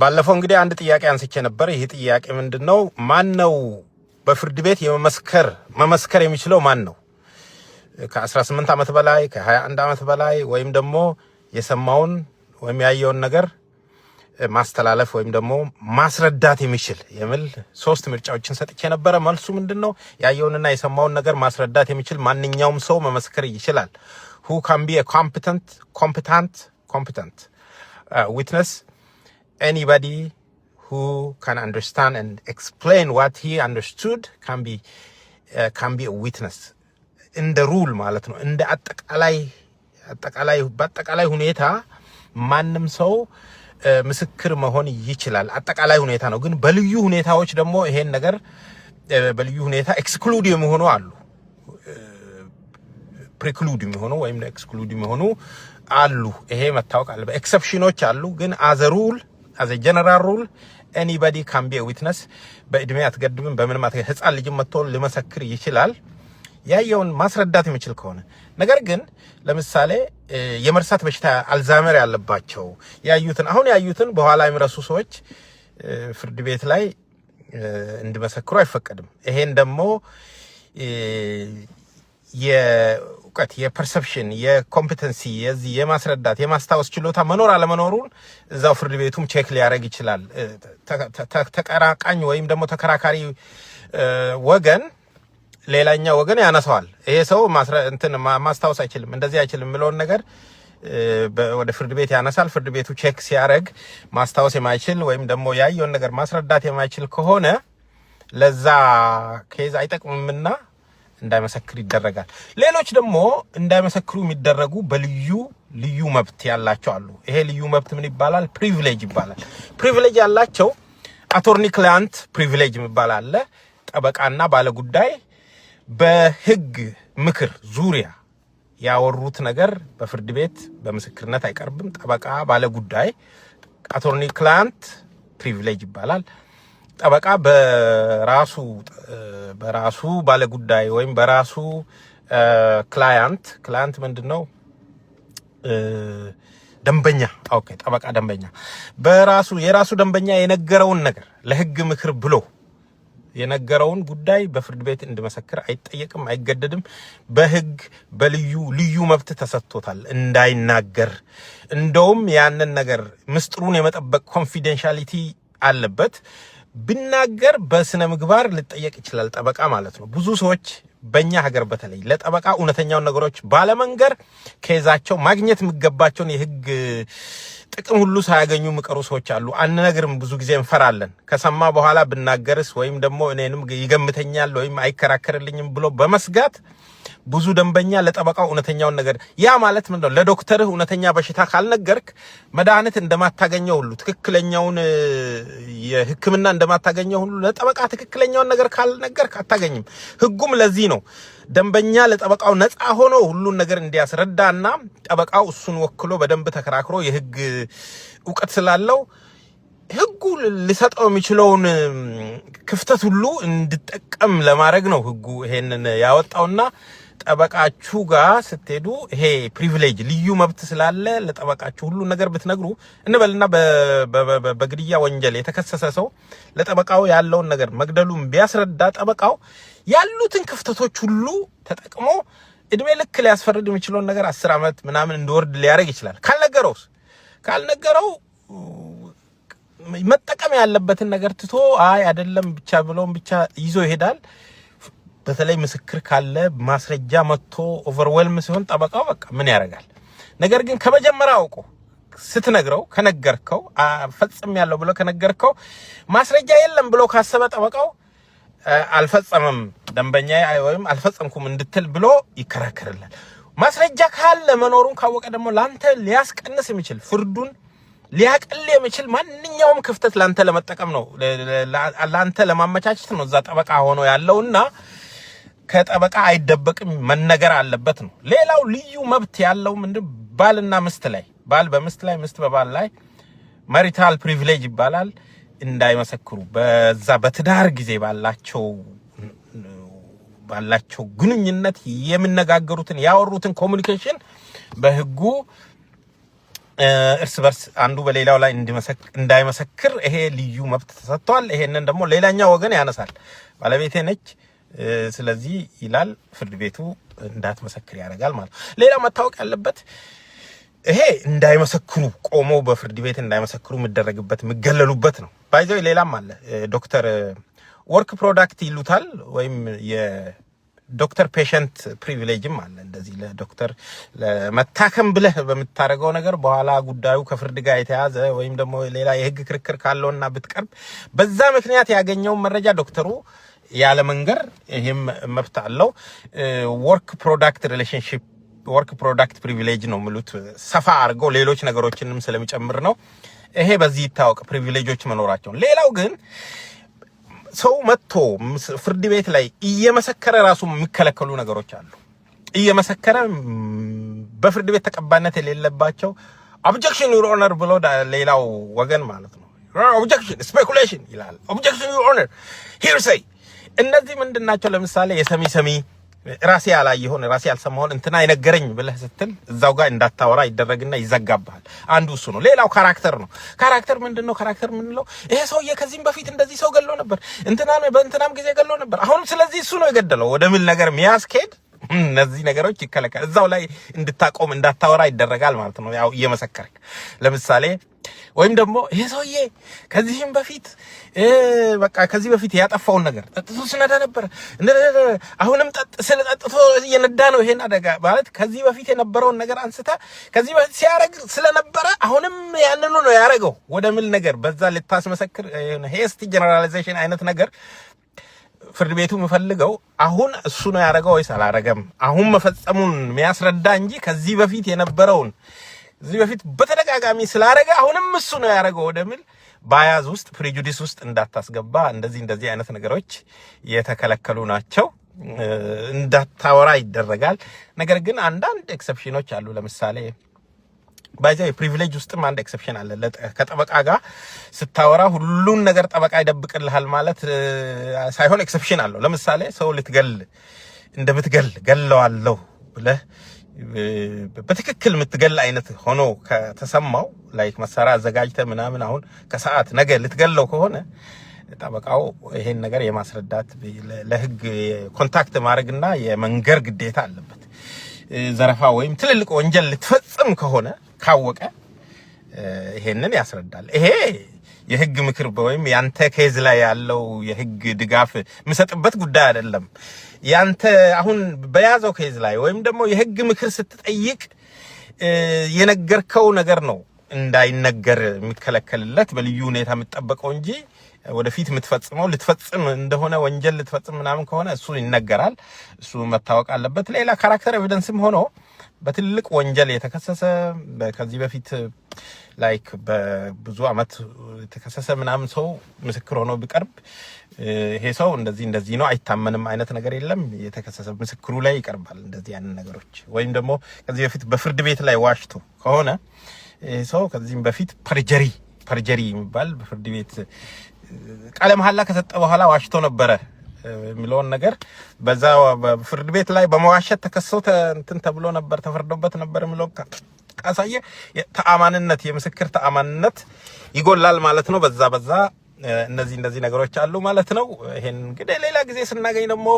ባለፈው እንግዲህ አንድ ጥያቄ አንስቼ ነበር። ይህ ጥያቄ ምንድን ነው? ማን ነው በፍርድ ቤት የመመስከር መመስከር የሚችለው ማን ነው? ከ18 ዓመት በላይ ከ21 ዓመት በላይ ወይም ደግሞ የሰማውን ወይም ያየውን ነገር ማስተላለፍ ወይም ደግሞ ማስረዳት የሚችል የሚል ሶስት ምርጫዎችን ሰጥቼ ነበረ። መልሱ ምንድን ነው? ያየውንና የሰማውን ነገር ማስረዳት የሚችል ማንኛውም ሰው መመስከር ይችላል። ሁ ካን ቢ ኮምፒታንት ኮምፕተንት ዊትነስ anybody who can understand and explain what he understood can be uh, can be a witness the ሩል ማለት ነው። እንደ አጠቃላይ አጠቃላይ በአጠቃላይ ሁኔታ ማንም ሰው uh, ምስክር መሆን ይችላል። አጠቃላይ ሁኔታ ነው። ግን በልዩ ሁኔታዎች ደግሞ ይሄን ነገር uh, በልዩ ሁኔታ ኤክስክሉድ የሚሆኑ አሉ። ፕሪክሉድ uh, የሚሆኑ ወይም ኤክስክሉድ የሚሆኑ አሉ። ይሄ መታወቅ አለ። ኤክሰፕሽኖች አሉ። ግን አዘ ሩል አዘ ጀነራል ሩል ኤኒባዲ ካን ቢ ዊትነስ በእድሜ አትገድብም። በምንም አትገ ህፃን ልጅም መጥቶ ሊመሰክር ይችላል ያየውን ማስረዳት የሚችል ከሆነ ነገር ግን ለምሳሌ የመርሳት በሽታ አልዛመር ያለባቸው ያዩትን አሁን ያዩትን በኋላ የሚረሱ ሰዎች ፍርድ ቤት ላይ እንዲመሰክሩ አይፈቀድም። ይሄን ደግሞ የእውቀት የፐርሰፕሽን የኮምፒተንሲ የዚህ የማስረዳት የማስታወስ ችሎታ መኖር አለመኖሩን እዛው ፍርድ ቤቱም ቼክ ሊያደርግ ይችላል። ተቀራቃኝ ወይም ደግሞ ተከራካሪ ወገን ሌላኛው ወገን ያነሳዋል። ይሄ ሰው እንትን ማስታወስ አይችልም፣ እንደዚህ አይችልም ብለውን ነገር ወደ ፍርድ ቤት ያነሳል። ፍርድ ቤቱ ቼክ ሲያደርግ ማስታወስ የማይችል ወይም ደግሞ ያየውን ነገር ማስረዳት የማይችል ከሆነ ለዛ ኬዝ አይጠቅምምና እንዳይመሰክር ይደረጋል። ሌሎች ደግሞ እንዳይመሰክሩ የሚደረጉ በልዩ ልዩ መብት ያላቸው አሉ። ይሄ ልዩ መብት ምን ይባላል? ፕሪቪሌጅ ይባላል። ፕሪቪሌጅ ያላቸው አቶርኒ ክላያንት ፕሪቪሌጅ የሚባል አለ። ጠበቃና ባለጉዳይ በህግ ምክር ዙሪያ ያወሩት ነገር በፍርድ ቤት በምስክርነት አይቀርብም። ጠበቃ ባለጉዳይ አቶርኒ ክላያንት ፕሪቪሌጅ ይባላል። ጠበቃ በራሱ በራሱ ባለጉዳይ ወይም በራሱ ክላያንት ክላያንት ምንድን ነው ደንበኛ ኦኬ፣ ጠበቃ ደንበኛ በራሱ የራሱ ደንበኛ የነገረውን ነገር ለህግ ምክር ብሎ የነገረውን ጉዳይ በፍርድ ቤት እንዲመሰክር አይጠየቅም፣ አይገደድም። በህግ በልዩ ልዩ መብት ተሰጥቶታል እንዳይናገር። እንደውም ያንን ነገር ምስጢሩን የመጠበቅ ኮንፊደንሻሊቲ አለበት። ብናገር በስነ ምግባር ልጠየቅ ይችላል ጠበቃ ማለት ነው። ብዙ ሰዎች በእኛ ሀገር በተለይ ለጠበቃ እውነተኛውን ነገሮች ባለመንገር ከዛቸው ማግኘት የሚገባቸውን የህግ ጥቅም ሁሉ ሳያገኙ ምቀሩ ሰዎች አሉ። አንነግርም፣ ብዙ ጊዜ እንፈራለን። ከሰማ በኋላ ብናገርስ ወይም ደግሞ እኔንም ይገምተኛል ወይም አይከራከርልኝም ብሎ በመስጋት ብዙ ደንበኛ ለጠበቃው እውነተኛውን ነገር ያ ማለት ምንድነው? ለዶክተርህ እውነተኛ በሽታ ካልነገርክ መድኃኒት እንደማታገኘው ሁሉ ትክክለኛውን የሕክምና እንደማታገኘው ሁሉ ለጠበቃ ትክክለኛውን ነገር ካልነገርክ አታገኝም። ሕጉም ለዚህ ነው ደንበኛ ለጠበቃው ነፃ ሆኖ ሁሉን ነገር እንዲያስረዳና ጠበቃው እሱን ወክሎ በደንብ ተከራክሮ የሕግ እውቀት ስላለው ህጉ ሊሰጠው የሚችለውን ክፍተት ሁሉ እንድጠቀም ለማድረግ ነው ህጉ ይሄንን ያወጣውና ጠበቃችሁ ጋር ስትሄዱ ይሄ ፕሪቪሌጅ ልዩ መብት ስላለ ለጠበቃችሁ ሁሉ ነገር ብትነግሩ እንበልና በግድያ ወንጀል የተከሰሰ ሰው ለጠበቃው ያለውን ነገር መግደሉን ቢያስረዳ ጠበቃው ያሉትን ክፍተቶች ሁሉ ተጠቅሞ እድሜ ልክ ሊያስፈርድ የሚችለውን ነገር አስር ዓመት ምናምን እንዲወርድ ሊያደርግ ይችላል። ካልነገረውስ ካልነገረው መጠቀም ያለበትን ነገር ትቶ አይ አይደለም ብቻ ብለውን ብቻ ይዞ ይሄዳል። በተለይ ምስክር ካለ ማስረጃ መጥቶ ኦቨርዌልም ሲሆን ጠበቃው በቃ ምን ያደርጋል። ነገር ግን ከመጀመሪያ አውቆ ስትነግረው ከነገርከው ፈጽም ያለው ብሎ ከነገርከው ማስረጃ የለም ብሎ ካሰበ ጠበቃው አልፈጸምም ደንበኛ ወይም አልፈጸምኩም እንድትል ብሎ ይከራከርላል። ማስረጃ ካለ መኖሩን ካወቀ ደግሞ ላንተ ሊያስቀንስ የሚችል ፍርዱን ሊያቀል የሚችል ማንኛውም ክፍተት ላንተ ለመጠቀም ነው፣ ላንተ ለማመቻቸት ነው እዛ ጠበቃ ሆኖ ያለውና ከጠበቃ አይደበቅም፣ መነገር አለበት ነው። ሌላው ልዩ መብት ያለው ምንድን ባልና ምስት ላይ ባል በምስት ላይ ምስት በባል ላይ መሪታል ፕሪቪሌጅ ይባላል። እንዳይመሰክሩ በዛ በትዳር ጊዜ ባላቸው ባላቸው ግንኙነት የሚነጋገሩትን ያወሩትን ኮሚኒኬሽን በህጉ እርስ በርስ አንዱ በሌላው ላይ እንዳይመሰክር ይሄ ልዩ መብት ተሰጥቷል። ይሄንን ደግሞ ሌላኛው ወገን ያነሳል። ባለቤቴ ነች ስለዚህ ይላል ፍርድ ቤቱ እንዳትመሰክር ያደርጋል ማለት ነው። ሌላ መታወቅ ያለበት ይሄ እንዳይመሰክሩ ቆመው በፍርድ ቤት እንዳይመሰክሩ የሚደረግበት የሚገለሉበት ነው። ባይዘው ሌላም አለ። ዶክተር ወርክ ፕሮዳክት ይሉታል ወይም ዶክተር ፔሸንት ፕሪቪሌጅም አለ። እንደዚህ ለዶክተር ለመታከም ብለህ በምታደርገው ነገር በኋላ ጉዳዩ ከፍርድ ጋር የተያዘ ወይም ደግሞ ሌላ የህግ ክርክር ካለውና ብትቀርብ በዛ ምክንያት ያገኘውን መረጃ ዶክተሩ ያለ መንገር ይህም መብት አለው። ወርክ ፕሮዳክት ሪሌሽንሽፕ ወርክ ፕሮዳክት ፕሪቪሌጅ ነው የሚሉት ሰፋ አድርገው ሌሎች ነገሮችንም ስለሚጨምር ነው። ይሄ በዚህ ይታወቅ፣ ፕሪቪሌጆች መኖራቸውን። ሌላው ግን ሰው መጥቶ ፍርድ ቤት ላይ እየመሰከረ ራሱ የሚከለከሉ ነገሮች አሉ። እየመሰከረ በፍርድ ቤት ተቀባይነት የሌለባቸው ኦብጀክሽን ዩር ኦነር ብሎ ሌላው ወገን ማለት ነው ኦብጀክሽን ስፔኩሌሽን ይላል። ኦብጀክሽን ዩር ኦነር ሂርሰይ እነዚህ ምንድን ናቸው? ለምሳሌ የሰሚ ሰሚ ራሴ ያላየሆን ራሴ ያልሰማሆን እንትና አይነገረኝ ብለህ ስትል እዛው ጋር እንዳታወራ ይደረግና ይዘጋብሃል። አንዱ እሱ ነው። ሌላው ካራክተር ነው። ካራክተር ምንድን ነው? ካራክተር ምንለው? ይሄ ሰውዬ ከዚህም በፊት እንደዚህ ሰው ገሎ ነበር፣ እንትና በእንትናም ጊዜ ገሎ ነበር፣ አሁንም ስለዚህ እሱ ነው የገደለው ወደ ምል ነገር ሚያስኬድ እነዚህ ነገሮች ይከለከል። እዛው ላይ እንድታቆም እንዳታወራ ይደረጋል ማለት ነው። ያው እየመሰከረ ለምሳሌ ወይም ደግሞ ይሄ ሰውዬ ከዚህም በፊት በቃ ከዚህ በፊት ያጠፋውን ነገር ጠጥቶ ሲነዳ ነበር፣ አሁንም ስለ ጠጥቶ እየነዳ ነው። ይሄን አደጋ ማለት ከዚህ በፊት የነበረውን ነገር አንስታ ከዚህ በፊት ሲያረግ ስለነበረ አሁንም ያንኑ ነው ያደረገው ምል ነገር በዛ ልታስመሰክር ሄስቲ ጀነራላይዜሽን አይነት ነገር ፍርድ ቤቱ የምፈልገው አሁን እሱ ነው ያደረገው ወይስ አላረገም አሁን መፈጸሙን የሚያስረዳ እንጂ ከዚህ በፊት የነበረውን እዚህ በፊት በተደጋጋሚ ስላረገ አሁንም እሱ ነው ያደረገው ወደሚል ባያዝ ውስጥ ፕሬጁዲስ ውስጥ እንዳታስገባ እንደዚህ እንደዚህ አይነት ነገሮች የተከለከሉ ናቸው። እንዳታወራ ይደረጋል። ነገር ግን አንዳንድ ኤክሰፕሽኖች አሉ። ለምሳሌ ባይዛ የፕሪቪሌጅ ውስጥም አንድ ኤክሰፕሽን አለ። ከጠበቃ ጋር ስታወራ ሁሉን ነገር ጠበቃ ይደብቅልሃል ማለት ሳይሆን ኤክሰፕሽን አለው። ለምሳሌ ሰው ልትገል እንደምትገል ገለዋለሁ ብለህ በትክክል የምትገል አይነት ሆኖ ከተሰማው ላይክ መሳሪያ አዘጋጅተ ምናምን አሁን ከሰዓት ነገ ልትገለው ከሆነ ጠበቃው ይሄን ነገር የማስረዳት ለህግ ኮንታክት ማድረግና የመንገር ግዴታ አለበት። ዘረፋ ወይም ትልልቅ ወንጀል ልትፈጽም ከሆነ ካወቀ ይሄንን ያስረዳል። ይሄ የህግ ምክር ወይም ያንተ ኬዝ ላይ ያለው የህግ ድጋፍ የምሰጥበት ጉዳይ አይደለም። ያንተ አሁን በያዘው ኬዝ ላይ ወይም ደግሞ የህግ ምክር ስትጠይቅ የነገርከው ነገር ነው እንዳይነገር የሚከለከልለት በልዩ ሁኔታ የምጠበቀው እንጂ ወደፊት የምትፈጽመው ልትፈጽም እንደሆነ ወንጀል ልትፈጽም ምናምን ከሆነ እሱ ይነገራል። እሱ መታወቅ አለበት። ሌላ ካራክተር ኤቪደንስም ሆኖ በትልቅ ወንጀል የተከሰሰ ከዚህ በፊት ላይክ በብዙ አመት የተከሰሰ ምናምን ሰው ምስክር ሆኖ ቢቀርብ ይሄ ሰው እንደዚህ እንደዚህ ነው አይታመንም አይነት ነገር የለም። የተከሰሰ ምስክሩ ላይ ይቀርባል። እንደዚህ ያንን ነገሮች ወይም ደግሞ ከዚህ በፊት በፍርድ ቤት ላይ ዋሽቶ ከሆነ ይሄ ሰው ከዚህም በፊት ፐርጀሪ ፐርጀሪ የሚባል በፍርድ ቤት ቃለ መሐላ ከሰጠ በኋላ ዋሽቶ ነበረ የሚለውን ነገር በዛ ፍርድ ቤት ላይ በመዋሸት ተከሶ እንትን ተብሎ ነበር ተፈርዶበት ነበር የሚለው ካሳየ ተአማንነት የምስክር ተአማንነት ይጎላል ማለት ነው። በዛ በዛ እነዚህ እነዚህ ነገሮች አሉ ማለት ነው። ይሄን እንግዲህ ሌላ ጊዜ ስናገኝ ደግሞ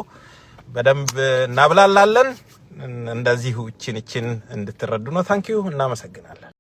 በደንብ እናብላላለን። እንደዚህ እችን እችን እንድትረዱ ነው። ታንኪዩ። እናመሰግናለን።